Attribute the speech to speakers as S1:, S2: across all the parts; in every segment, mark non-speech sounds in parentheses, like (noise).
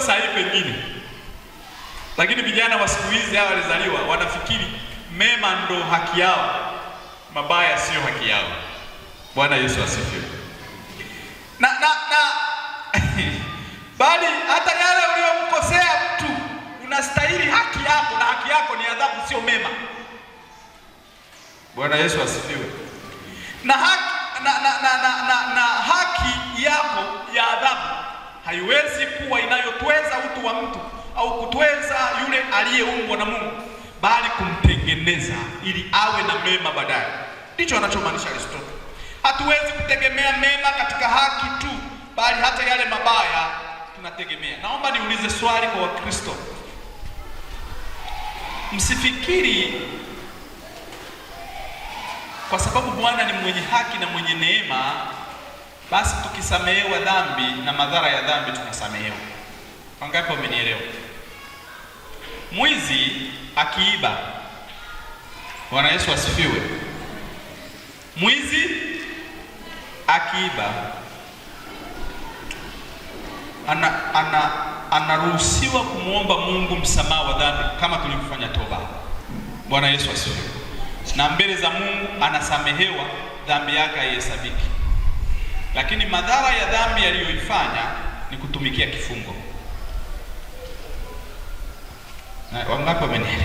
S1: ilikuwa sahihi pengine, lakini vijana wa siku hizi hawa walizaliwa wanafikiri mema ndo haki yao, mabaya sio haki yao. Bwana Yesu asifiwe.
S2: na, na, na (laughs) bali hata yale uliyomkosea mtu unastahili haki yako, na haki yako ni adhabu, sio mema.
S1: Bwana Yesu asifiwe.
S2: na haki, na, na, na, na, na, na haki yako ya adhabu haiwezi kuwa inayotweza utu wa mtu au kutweza yule aliyeumbwa na Mungu, bali kumtengeneza ili awe na mema baadaye. Ndicho anachomaanisha Aristotle. Hatuwezi kutegemea mema katika haki tu, bali hata yale mabaya tunategemea. Naomba niulize swali kwa Wakristo, msifikiri kwa sababu Bwana ni mwenye haki na mwenye neema basi tukisamehewa dhambi na madhara ya dhambi tunasamehewa. Wangapi wamenielewa? Mwizi akiiba, Bwana Yesu asifiwe. Mwizi akiiba ana, ana, anaruhusiwa kumwomba Mungu msamaha wa dhambi kama tulivyofanya toba. Bwana Yesu asifiwe. Na mbele za Mungu anasamehewa dhambi yake haihesabiki lakini madhara ya dhambi aliyoifanya ni kutumikia kifungo. Na wangapi wamenielewa?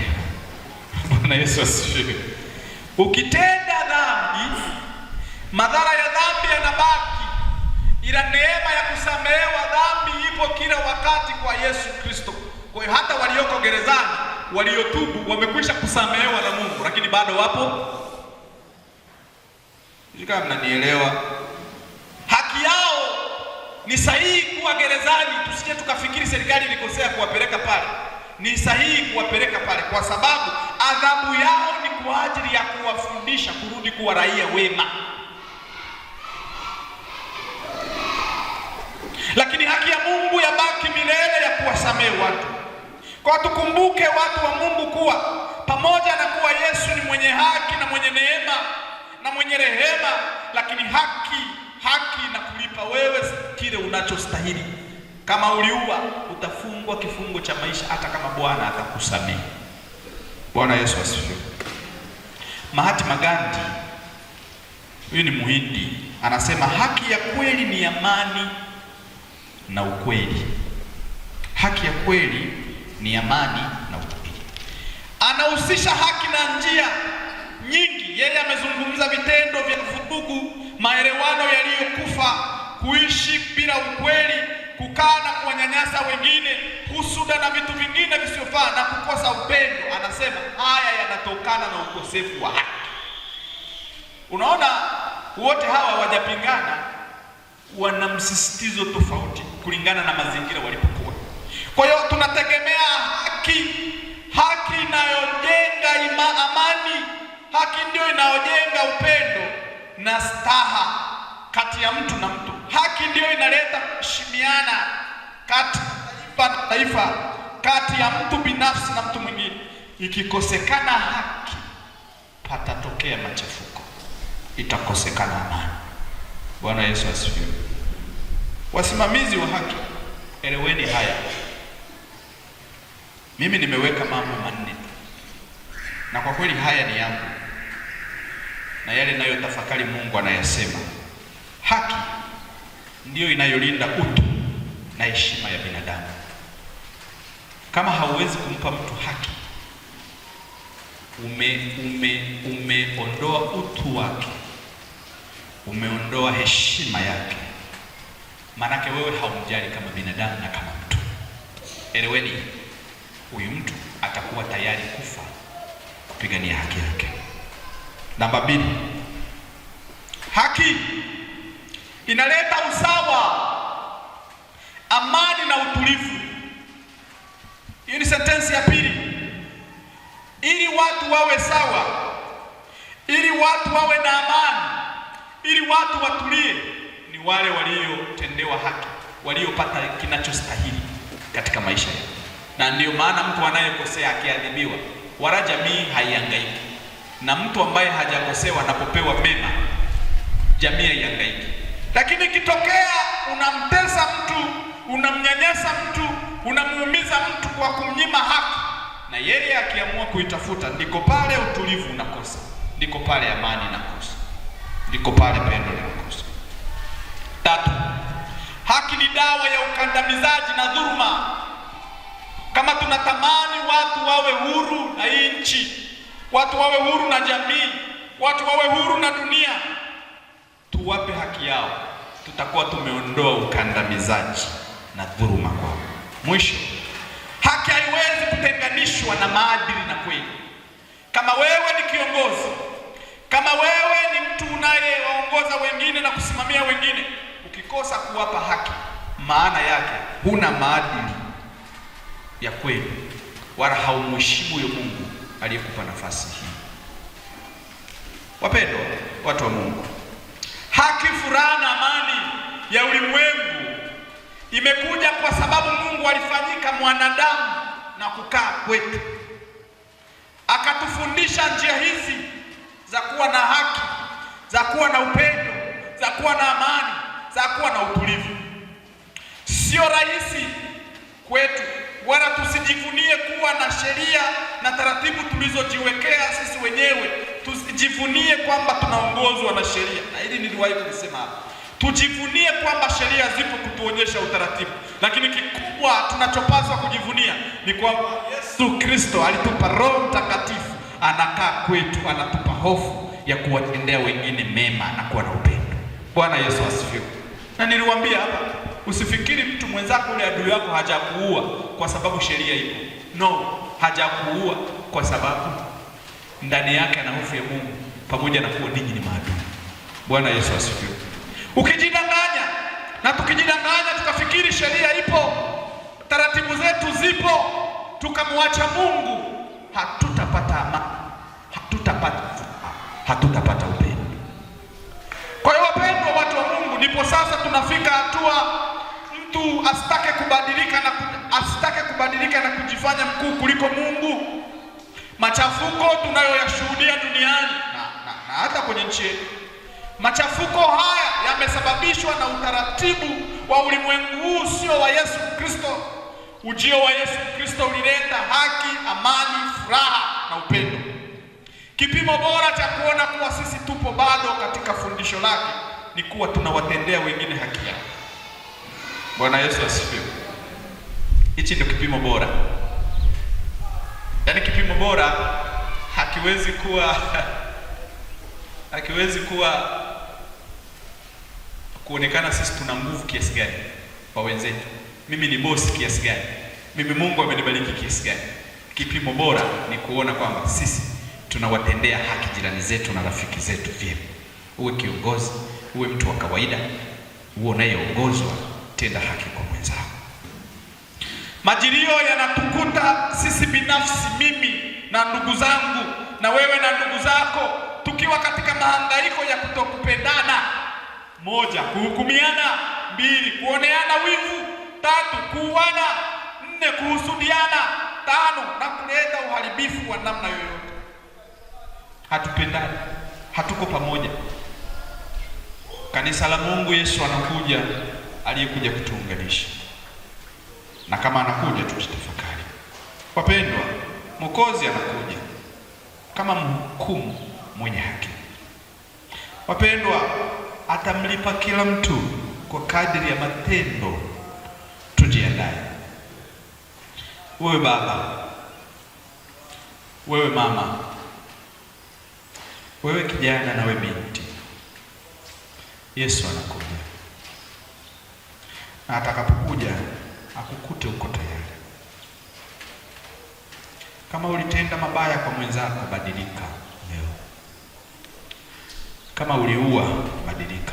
S2: (laughs) Bwana Yesu asifiwe. Ukitenda dhambi, madhara ya dhambi yanabaki, ila neema ya kusamehewa dhambi ipo kila wakati kwa Yesu Kristo. Kwa hiyo hata walioko gerezani waliotubu wamekwisha kusamehewa na Mungu, lakini bado wapo. Sijui kama mnanielewa. Ni sahihi kuwa gerezani, tusije tukafikiri serikali ilikosea kuwapeleka pale. Ni sahihi kuwapeleka pale kwa sababu adhabu yao ni kwa ajili ya kuwafundisha kurudi kuwa raia wema. Lakini haki ya Mungu yabaki milele ya kuwasamehe watu. Kwa tukumbuke watu wa Mungu kuwa pamoja na kuwa Yesu ni mwenye haki na mwenye neema na mwenye rehema, lakini haki haki na kulipa wewe kile unachostahili. Kama uliua utafungwa kifungo cha maisha, hata kama Bwana atakusamehe. Bwana Yesu asifiwe. Mahatma Gandhi huyu ni Muhindi, anasema haki ya kweli ni amani na ukweli. Haki ya kweli ni amani na ukweli. Anahusisha haki na njia nyingi. Yeye amezungumza vitendo vya vurugu maelewano yaliyokufa, kuishi bila ukweli, kukaa na kuwanyanyasa wengine, husuda na vitu vingine visivyofaa na kukosa upendo. Anasema haya yanatokana na ukosefu wa haki. Unaona, wote hawa wajapingana, wana msisitizo tofauti kulingana na mazingira walipokuwa. Kwa hiyo tunategemea haki, haki inayojenga ima amani, haki ndio inayojenga upendo na staha kati ya mtu na mtu. Haki ndiyo inaleta kushimiana kati ya taifa na taifa, kati ya mtu binafsi na mtu mwingine. Ikikosekana haki, patatokea machafuko, itakosekana amani. Bwana Yesu asifiwe. Wasimamizi wa haki, eleweni haya. Mimi nimeweka mambo manne na kwa kweli haya ni yangu na yale ninayotafakari Mungu anayasema. Haki ndiyo inayolinda utu na heshima ya binadamu. Kama hauwezi kumpa mtu haki, ume ume umeondoa utu wake, umeondoa heshima yake, maanake wewe haumjali kama binadamu na kama mtu. Eleweni, huyu mtu atakuwa tayari kufa kupigania haki yake. Namba mbili, haki inaleta usawa, amani na utulivu. Hii ni sentensi ya pili. Ili watu wawe sawa, ili watu wawe na amani, ili watu watulie, ni wale waliotendewa haki, waliopata kinachostahili katika maisha yao. Na ndiyo maana mtu anayekosea akiadhibiwa, wala jamii haiangaiki na mtu ambaye hajakosewa anapopewa mema, jamii haihangaiki. Lakini ikitokea unamtesa mtu, unamnyanyasa mtu, unamuumiza mtu kwa kumnyima haki, na yeye akiamua kuitafuta, ndiko pale utulivu unakosa, ndiko pale amani inakosa, ndiko pale pendo linakosa. Tatu, haki ni dawa ya ukandamizaji na dhuluma. Kama tunatamani watu wawe huru na hii nchi watu wawe huru na jamii, watu wawe huru na dunia. Tuwape haki yao, tutakuwa tumeondoa ukandamizaji na dhuluma kwao. Mwisho, haki haiwezi kutenganishwa na maadili na kweli. Kama wewe ni kiongozi, kama wewe ni mtu unayewaongoza wengine na kusimamia wengine, ukikosa kuwapa haki, maana yake huna maadili ya kweli, wala haumheshimu Mungu aliyekupa nafasi hii. Wapendwa, watu wa Mungu, haki, furaha na amani ya ulimwengu imekuja kwa sababu Mungu alifanyika mwanadamu na kukaa kwetu, akatufundisha njia hizi za kuwa na haki, za kuwa na upendo, za kuwa na amani, za kuwa na utulivu. Sio rahisi kwetu wala tusijivunie kuwa na sheria na taratibu tulizojiwekea sisi wenyewe. Tusijivunie kwamba tunaongozwa na sheria, na hili niliwahi kulisema hapa. Tujivunie kwamba sheria zipo kutuonyesha utaratibu, lakini kikubwa tunachopaswa kujivunia ni kwamba Yesu Kristo alitupa Roho Mtakatifu, anakaa kwetu, anatupa hofu ya kuwatendea wengine mema na kuwa na upendo. Bwana Yesu asifiwe. Na niliwaambia hapa Usifikiri mtu mwenzako ule adui yako hajakuua kwa sababu sheria ipo. No, hajakuua kwa sababu ndani yake ana hofu ya Mungu, pamoja na kuwa ninyi ni maadui. Bwana Yesu asifiwe. Ukijidanganya na tukijidanganya tukafikiri sheria ipo, taratibu zetu zipo, tukamwacha Mungu, hatutapata amani, hatutapata hatutapata upendo. Kwa hiyo wapendwa, watu wa Mungu, ndipo sasa tunafika hatua mtu asitake kubadilika na asitake kubadilika na kujifanya mkuu kuliko Mungu. Machafuko tunayoyashuhudia duniani na, na, na hata kwenye nchi yetu, machafuko haya yamesababishwa na utaratibu wa ulimwengu huu, sio wa Yesu Kristo. Ujio wa Yesu Kristo ulileta haki, amani, furaha na upendo, kipimo bora cha kuona kuwa sisi tupo bado katika fundisho lake ni kuwa tunawatendea wengine haki yao. Bwana Yesu asifiwe. Hichi ndio kipimo bora, yaani kipimo bora hakiwezi kuwa (laughs) hakiwezi kuwa kuonekana sisi tuna nguvu kiasi gani kwa wenzetu, mimi ni bosi kiasi gani, mimi Mungu amenibariki kiasi gani. Kipimo bora ni kuona kwamba sisi tunawatendea haki jirani zetu na rafiki zetu vyema. Uwe kiongozi, uwe mtu wa kawaida, uwe unayeongozwa kutenda haki kwa mwenzako. Majilio yanatukuta sisi binafsi, mimi na ndugu zangu na wewe na ndugu zako, tukiwa katika mahangaiko ya kutokupendana: moja, kuhukumiana; mbili, kuoneana wivu; tatu, kuuana; nne, kuhusudiana; tano, na kuleta uharibifu wa namna yoyote. Hatupendani, hatuko pamoja. Kanisa la Mungu, Yesu anakuja aliyekuja kutuunganisha, na kama anakuja tutafakari. Wapendwa, Mwokozi anakuja kama mhukumu mwenye haki. Wapendwa, atamlipa kila mtu kwa kadiri ya matendo. Tujiandae. Wewe baba, wewe mama, wewe kijana na wewe binti, Yesu anakuja na atakapokuja akukute uko tayari. Kama ulitenda mabaya kwa mwenzako, badilika leo. Kama uliua, badilika.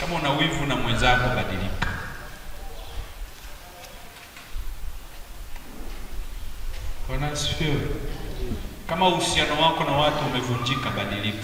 S2: Kama una wivu na mwenzako, badilika. Kama uhusiano wako na watu umevunjika, badilika.